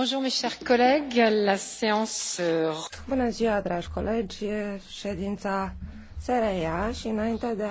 Euh, Bună ziua, dragi colegi. Ședința se reia și înainte de a